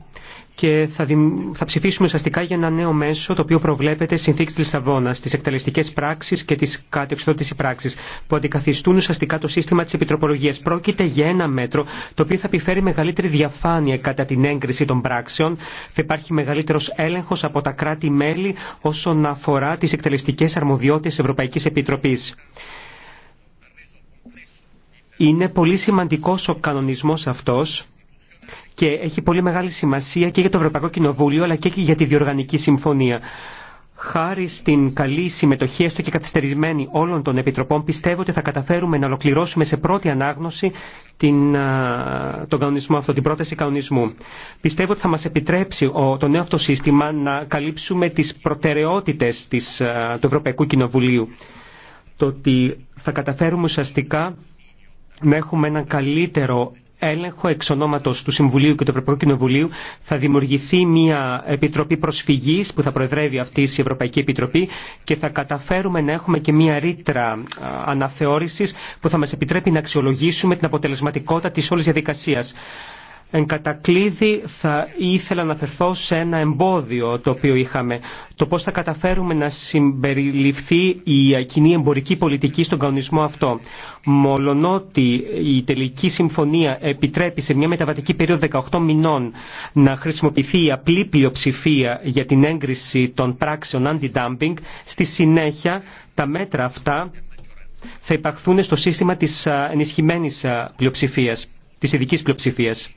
και θα, θα ψηφίσουμε ουσιαστικά για ένα νέο μέσο το οποίο προβλέπεται συνθήκη τη Λισαβόνα, τι εκτελεστικέ πράξει και τι κατεξοδότηση πράξει που αντικαθιστούν ουσιαστικά το σύστημα τη επιτροπολογία. Πρόκειται για ένα μέτρο το οποίο θα επιφέρει μεγαλύτερη διαφάνεια κατά την έγκριση των πράξεων, θα υπάρχει μεγαλύτερο έλεγχο από τα κράτη-μέλη όσον αφορά τι εκτελεστικέ αρμοδιότητε Ευρωπαϊκή Επιτροπή. Είναι πολύ σημαντικός ο κανονισμός αυτός και έχει πολύ μεγάλη σημασία και για το Ευρωπαϊκό Κοινοβούλιο αλλά και για τη Διοργανική Συμφωνία. Χάρη στην καλή συμμετοχή, έστω και καθυστερημένη, όλων των επιτροπών, πιστεύω ότι θα καταφέρουμε να ολοκληρώσουμε σε πρώτη ανάγνωση την, τον κανονισμό αυτό, την πρόταση κανονισμού. Πιστεύω ότι θα μας επιτρέψει το νέο αυτό σύστημα να καλύψουμε τις προτεραιότητες της, του Ευρωπαϊκού Κοινοβουλίου. Το ότι θα καταφέρουμε ουσιαστικά να έχουμε ένα καλύτερο έλεγχο εξ ονόματος του Συμβουλίου και του Ευρωπαϊκού Κοινοβουλίου θα δημιουργηθεί μια επιτροπή προσφυγής που θα προεδρεύει αυτή η Ευρωπαϊκή Επιτροπή και θα καταφέρουμε να έχουμε και μια ρήτρα αναθεώρησης που θα μας επιτρέπει να αξιολογήσουμε την αποτελεσματικότητα της όλης διαδικασίας. Εν κατακλείδη θα ήθελα να αφαιρθώ σε ένα εμπόδιο το οποίο είχαμε. Το πώς θα καταφέρουμε να συμπεριληφθεί η κοινή εμπορική πολιτική στον κανονισμό αυτό. Μολονότι η τελική συμφωνία επιτρέπει σε μια μεταβατική περίοδο 18 μηνών να χρησιμοποιηθεί η απλή πλειοψηφία για την έγκριση των πράξεων anti-dumping, στη συνέχεια τα μέτρα αυτά θα υπαχθούν στο σύστημα της ε, ενισχυμένης ε, πλειοψηφίας, της ειδικής πλειοψηφίας.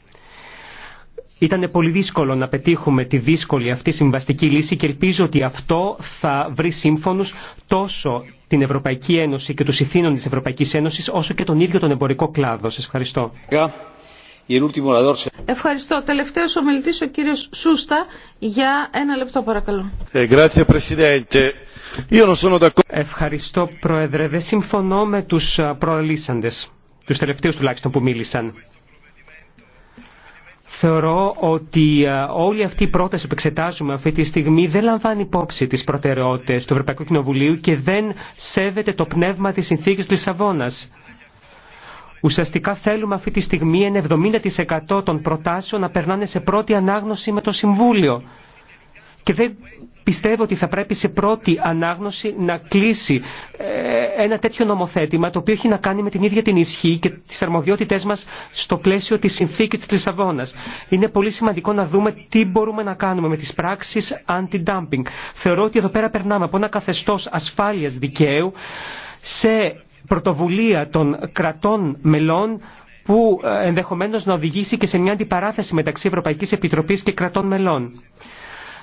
Ήταν πολύ δύσκολο να πετύχουμε τη δύσκολη αυτή συμβαστική λύση και ελπίζω ότι αυτό θα βρει σύμφωνου τόσο την Ευρωπαϊκή Ένωση και του ηθήνων τη Ευρωπαϊκή Ένωση, όσο και τον ίδιο τον εμπορικό κλάδο. Σα ευχαριστώ. Ευχαριστώ. Τελευταίο ο ο κύριο Σούστα, για ένα λεπτό παρακαλώ. Ε, ευχαριστώ, Πρόεδρε. Δεν συμφωνώ με του ε, προελίσσαντε, του τελευταίου τουλάχιστον που μίλησαν. Θεωρώ ότι ε, όλη αυτή η πρόταση που εξετάζουμε αυτή τη στιγμή δεν λαμβάνει υπόψη τις προτεραιότητες του Ευρωπαϊκού Κοινοβουλίου και δεν σέβεται το πνεύμα της συνθήκης Λισαβόνας. Ουσιαστικά θέλουμε αυτή τη στιγμή ένα 70% των προτάσεων να περνάνε σε πρώτη ανάγνωση με το Συμβούλιο και δεν πιστεύω ότι θα πρέπει σε πρώτη ανάγνωση να κλείσει ε, ένα τέτοιο νομοθέτημα το οποίο έχει να κάνει με την ίδια την ισχύ και τις αρμοδιότητές μας στο πλαίσιο της συνθήκης της Λισαβόνας. Είναι πολύ σημαντικό να δούμε τι μπορούμε να κάνουμε με τις πράξεις anti-dumping. Θεωρώ ότι εδώ πέρα περνάμε από ένα καθεστώς ασφάλειας δικαίου σε πρωτοβουλία των κρατών μελών που ε, ενδεχομένως να οδηγήσει και σε μια αντιπαράθεση μεταξύ Ευρωπαϊκής Επιτροπής και κρατών μελών.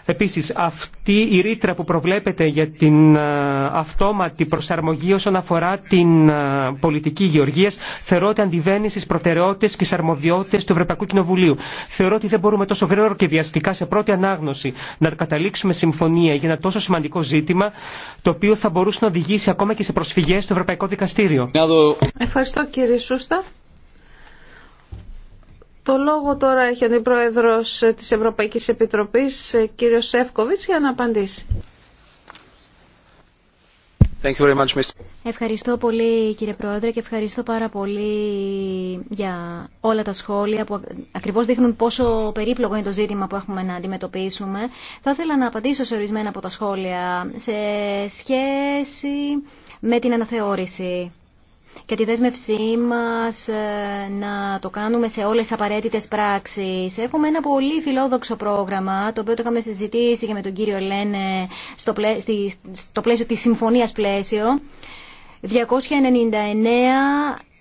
Επίσης, αυτή η ρήτρα που προβλέπεται για την ε, αυτόματη προσαρμογή όσον αφορά την ε, πολιτική γεωργίας, θεωρώ ότι αντιβαίνει στις προτεραιότητες και στις αρμοδιότητες του Ευρωπαϊκού Κοινοβουλίου. Θεωρώ ότι δεν μπορούμε τόσο γρήγορα και βιαστικά σε πρώτη ανάγνωση να καταλήξουμε συμφωνία για ένα τόσο σημαντικό ζήτημα, το οποίο θα μπορούσε να οδηγήσει ακόμα και σε προσφυγές στο Ευρωπαϊκό Δικαστήριο. Ευχαριστώ κύριε Σούστα. Το λόγο τώρα έχει ο Αντιπρόεδρος της Ευρωπαϊκής Επιτροπής, κύριος Σεύκοβιτς, για να απαντήσει. Thank you very much, Mr. Ευχαριστώ πολύ κύριε Πρόεδρε και ευχαριστώ πάρα πολύ για όλα τα σχόλια που ακριβώς δείχνουν πόσο περίπλογο είναι το ζήτημα που έχουμε να αντιμετωπίσουμε. Θα ήθελα να απαντήσω σε ορισμένα από τα σχόλια σε σχέση με την αναθεώρηση και τη δέσμευσή μας ε, να το κάνουμε σε όλες τις απαραίτητες πράξεις. Έχουμε ένα πολύ φιλόδοξο πρόγραμμα, το οποίο το είχαμε συζητήσει και με τον κύριο Λένε στο, πλαίσιο της συμφωνίας πλαίσιο. 299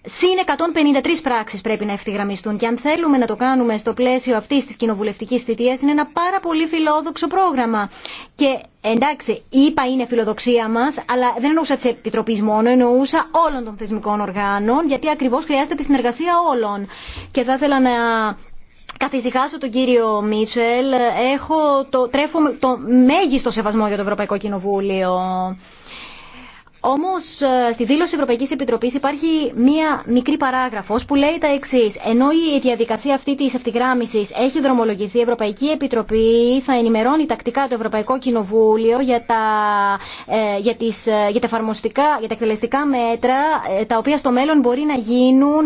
Συν 153 πράξεις πρέπει να ευθυγραμμιστούν και αν θέλουμε να το κάνουμε στο πλαίσιο αυτής της κοινοβουλευτικής θητείας είναι ένα πάρα πολύ φιλόδοξο πρόγραμμα. Και εντάξει, είπα είναι φιλοδοξία μας, αλλά δεν εννοούσα τη επιτροπή μόνο, εννοούσα όλων των θεσμικών οργάνων, γιατί ακριβώς χρειάζεται τη συνεργασία όλων. Και θα ήθελα να καθησυχάσω τον κύριο Μίτσελ, έχω το, τρέφω το μέγιστο σεβασμό για το Ευρωπαϊκό Κοινοβούλιο. Όμω, ε, στη δήλωση Ευρωπαϊκή Επιτροπή υπάρχει μία μικρή παράγραφο που λέει τα εξή. Ενώ η διαδικασία αυτή τη ευθυγράμμιση έχει δρομολογηθεί, η Ευρωπαϊκή Επιτροπή θα ενημερώνει τακτικά το Ευρωπαϊκό Κοινοβούλιο για τα, ε, για τις, ε, για τα, εφαρμοστικά, για τα εκτελεστικά μέτρα τα οποία στο μέλλον μπορεί να γίνουν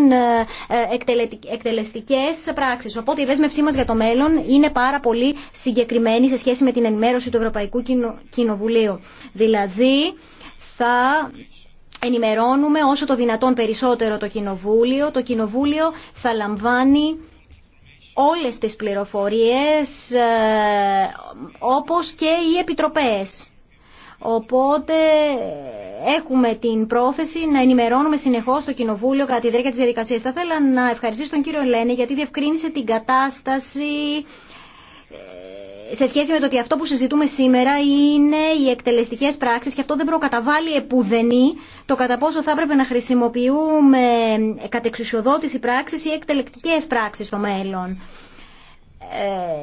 εκτελεστικέ πράξει. Οπότε η δέσμευσή μα για το μέλλον είναι πάρα πολύ συγκεκριμένη σε σχέση με την ενημέρωση του Ευρωπαϊκού Κοινοβουλίου. Δηλαδή, θα ενημερώνουμε όσο το δυνατόν περισσότερο το Κοινοβούλιο. Το Κοινοβούλιο θα λαμβάνει όλες τις πληροφορίες ε, όπως και οι επιτροπές. Οπότε ε, έχουμε την πρόθεση να ενημερώνουμε συνεχώς το Κοινοβούλιο κατά τη διάρκεια της διαδικασίας. Θα ήθελα να ευχαριστήσω τον κύριο Λένε γιατί διευκρίνησε την κατάσταση ε, σε σχέση με το ότι αυτό που συζητούμε σήμερα είναι οι εκτελεστικές πράξεις και αυτό δεν προκαταβάλει επουδενή το κατά πόσο θα έπρεπε να χρησιμοποιούμε κατεξουσιοδότηση πράξης ή εκτελεκτικές πράξεις στο μέλλον.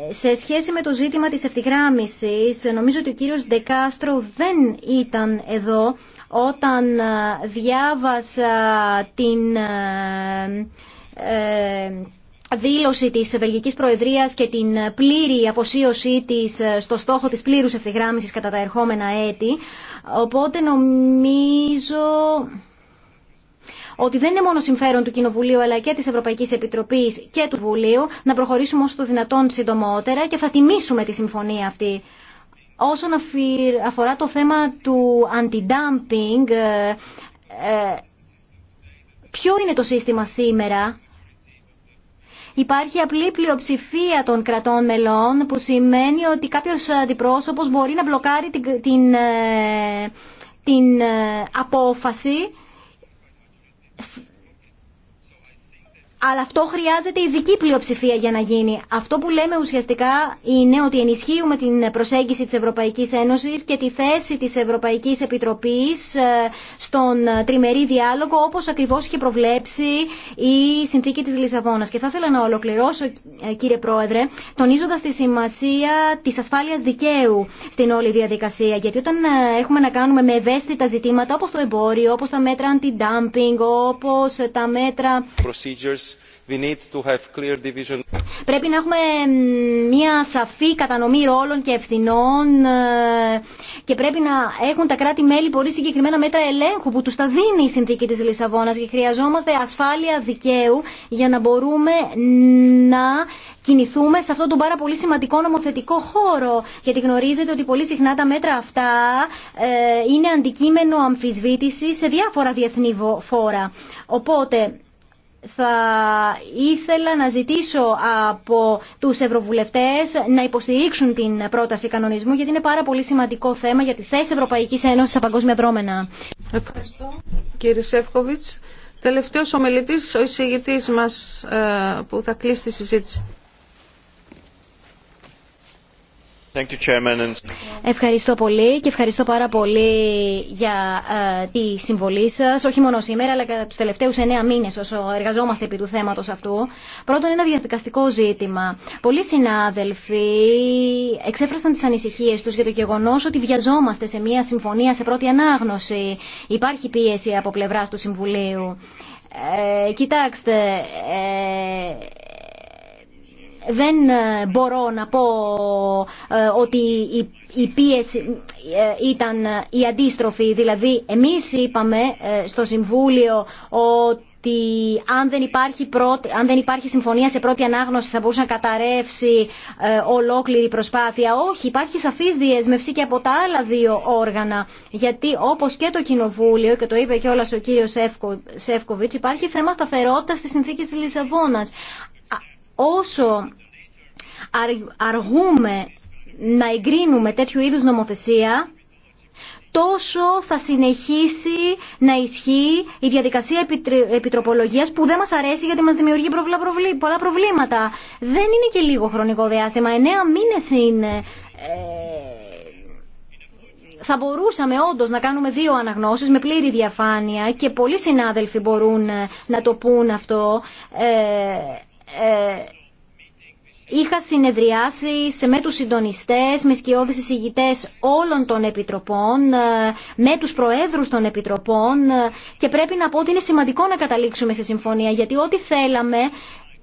Ε, σε σχέση με το ζήτημα της ευθυγράμμισης, νομίζω ότι ο κύριος Ντεκάστρο δεν ήταν εδώ όταν ε, διάβασα την ε, δήλωση της Βελγικής Προεδρίας και την πλήρη αποσίωσή της ε, στο στόχο της πλήρους ευθυγράμμισης κατά τα ερχόμενα έτη. Οπότε νομίζω ότι δεν είναι μόνο συμφέρον του Κοινοβουλίου αλλά και της Ευρωπαϊκής Επιτροπής και του Βουλίου να προχωρήσουμε όσο το δυνατόν συντομότερα και θα τιμήσουμε τη συμφωνία αυτή. Όσον αφορά το θέμα του αντι-dumping, ε, ε, ποιο είναι το σύστημα σήμερα Υπάρχει απλή πλειοψηφία των κρατών μελών που σημαίνει ότι κάποιος αντιπρόσωπος μπορεί να μπλοκάρει την, την ε, ε, απόφαση αλλά αυτό χρειάζεται ειδική πλειοψηφία για να γίνει. Αυτό που λέμε ουσιαστικά είναι ότι ενισχύουμε την προσέγγιση της Ευρωπαϊκής Ένωσης και τη θέση της Ευρωπαϊκής Επιτροπής ε, στον ε, τριμερή διάλογο, όπως ακριβώς είχε προβλέψει η συνθήκη της Λισαβόνας. Και θα ήθελα να ολοκληρώσω, ε, κύριε Πρόεδρε, τονίζοντας τη σημασία της ασφάλειας δικαίου στην όλη διαδικασία. Γιατί όταν έχουμε να κάνουμε με ευαίσθητα ζητήματα, όπως το εμπόριο, όπως τα μέτρα αντι-dumping, όπως τα μέτρα... Procedures Πρέπει να έχουμε μια σαφή κατανομή ρόλων και ευθυνών ε, και πρέπει να έχουν τα κράτη-μέλη πολύ συγκεκριμένα μέτρα ελέγχου που του τα δίνει η συνθήκη της Λισαβόνας και χρειαζόμαστε ασφάλεια δικαίου για να μπορούμε να κινηθούμε σε αυτόν τον πάρα πολύ σημαντικό νομοθετικό χώρο. Γιατί γνωρίζετε ότι πολύ συχνά τα μέτρα αυτά ε, είναι αντικείμενο αμφισβήτηση σε διάφορα διεθνή φόρα. Οπότε θα ήθελα να ζητήσω από τους ευρωβουλευτές να υποστηρίξουν την πρόταση κανονισμού γιατί είναι πάρα πολύ σημαντικό θέμα για τη θέση Ευρωπαϊκής Ένωσης στα παγκόσμια δρόμενα. Ευχαριστώ. Κύριε Σεύκοβιτς, τελευταίος ομιλητής, ο εισηγητής μας ε, που θα κλείσει τη συζήτηση. Ευχαριστώ πολύ και ευχαριστώ πάρα πολύ για ε, τη συμβολή σας, όχι μόνο σήμερα αλλά και τους τελευταίους εννέα μήνες όσο εργαζόμαστε επί του θέματος αυτού. Πρώτον, ένα διαδικαστικό ζήτημα. Πολλοί συνάδελφοι εξέφρασαν τις ανησυχίες τους για το γεγονό ότι βιαζόμαστε σε μια συμφωνία σε πρώτη ανάγνωση. Υπάρχει πίεση από πλευρά του Συμβουλίου. Ε, κοιτάξτε, ε, δεν ε, μπορώ να πω ε, ότι η πίεση ε, ήταν η αντίστροφη. Δηλαδή, εμείς είπαμε στο Συμβούλιο ότι αν δεν, υπάρχει πρώτη, αν δεν υπάρχει συμφωνία σε πρώτη ανάγνωση θα μπορούσε να καταρρεύσει ολόκληρη προσπάθεια. Όχι, υπάρχει σαφής διεσμευσή και από τα άλλα δύο όργανα. Γιατί όπως και το Κοινοβούλιο, και το είπε και όλας ο κύριος Σεύκοβιτς, υπάρχει θέμα σταθερότητας της συνθήκης της Λισαβόνας όσο αργούμε να εγκρίνουμε τέτοιου είδους νομοθεσία, τόσο θα συνεχίσει να ισχύει η διαδικασία επιτροπολογίας που δεν μας αρέσει γιατί μας δημιουργεί πολλά προβλήματα. Δεν είναι και λίγο χρονικό διάστημα, εννέα μήνες είναι. Ε, θα μπορούσαμε όντω να κάνουμε δύο αναγνώσεις με πλήρη διαφάνεια και πολλοί συνάδελφοι μπορούν να το πούν αυτό. Ε, ε, είχα συνεδριάσει σε με τους συντονιστές, με σκιώδεις εισηγητές όλων των επιτροπών, ε, με τους προέδρους των επιτροπών ε, και πρέπει να πω ότι είναι σημαντικό να καταλήξουμε σε συμφωνία γιατί ό,τι θέλαμε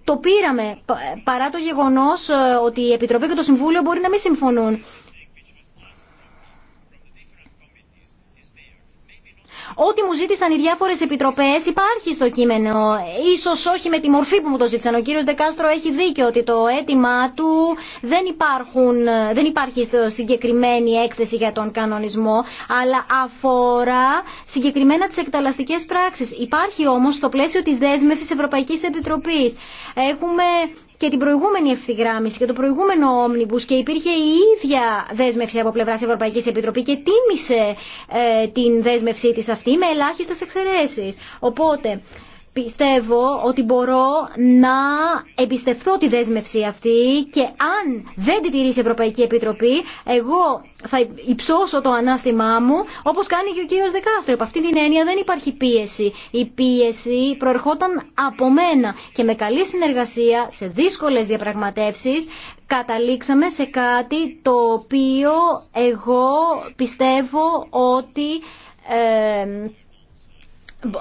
το πήραμε παρά το γεγονός ότι η Επιτροπή και το Συμβούλιο μπορεί να μην συμφωνούν. Ό,τι μου ζήτησαν οι διάφορε επιτροπέ υπάρχει στο κείμενο. σω όχι με τη μορφή που μου το ζήτησαν. Ο κύριο Δεκάστρο έχει δίκιο ότι το αίτημά του δεν, υπάρχουν, δεν υπάρχει στο συγκεκριμένη έκθεση για τον κανονισμό, αλλά αφορά συγκεκριμένα τι εκταλαστικέ πράξει. Υπάρχει όμω στο πλαίσιο τη δέσμευση Ευρωπαϊκή Επιτροπή. Έχουμε και την προηγούμενη ευθυγράμμιση και το προηγούμενο όμνιμπους και υπήρχε η ίδια δέσμευση από πλευράς Ευρωπαϊκής Επιτροπή και τίμησε ε, την δέσμευσή της αυτή με ελάχιστες εξαιρέσεις. Οπότε πιστεύω ότι μπορώ να εμπιστευτώ τη δέσμευση αυτή και αν δεν τη τηρήσει η Ευρωπαϊκή Επιτροπή, εγώ θα υψώσω το ανάστημά μου, όπως κάνει και ο κύριο Δεκάστρο. Από αυτή την έννοια δεν υπάρχει πίεση. Η πίεση προερχόταν από μένα και με καλή συνεργασία σε δύσκολες διαπραγματεύσεις καταλήξαμε σε κάτι το οποίο εγώ πιστεύω ότι ε,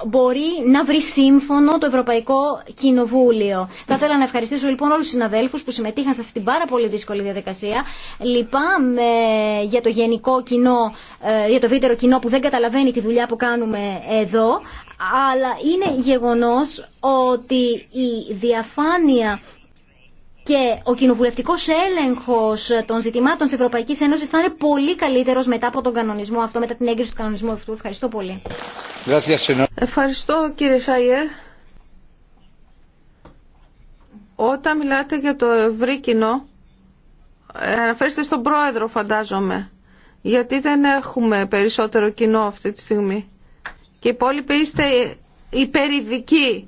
μπορεί να βρει σύμφωνο το Ευρωπαϊκό Κοινοβούλιο. Θα ήθελα να ευχαριστήσω λοιπόν όλους τους συναδέλφους που συμμετείχαν σε αυτή την πάρα πολύ δύσκολη διαδικασία. Λυπάμαι για το γενικό κοινό, ε, για το βίτερο κοινό που δεν καταλαβαίνει τη δουλειά που κάνουμε εδώ, αλλά είναι γεγονός ότι η διαφάνεια και ο κοινοβουλευτικό έλεγχο των ζητημάτων τη Ευρωπαϊκή Ένωση θα είναι πολύ καλύτερο μετά από τον κανονισμό αυτό, μετά την έγκριση του κανονισμού αυτού. Ευχαριστώ πολύ. Ευχαριστώ κύριε Σάιερ. Όταν μιλάτε για το ευρύ κοινό, ε, αναφέρεστε στον πρόεδρο φαντάζομαι, γιατί δεν έχουμε περισσότερο κοινό αυτή τη στιγμή. Και οι υπόλοιποι είστε υπερηδικοί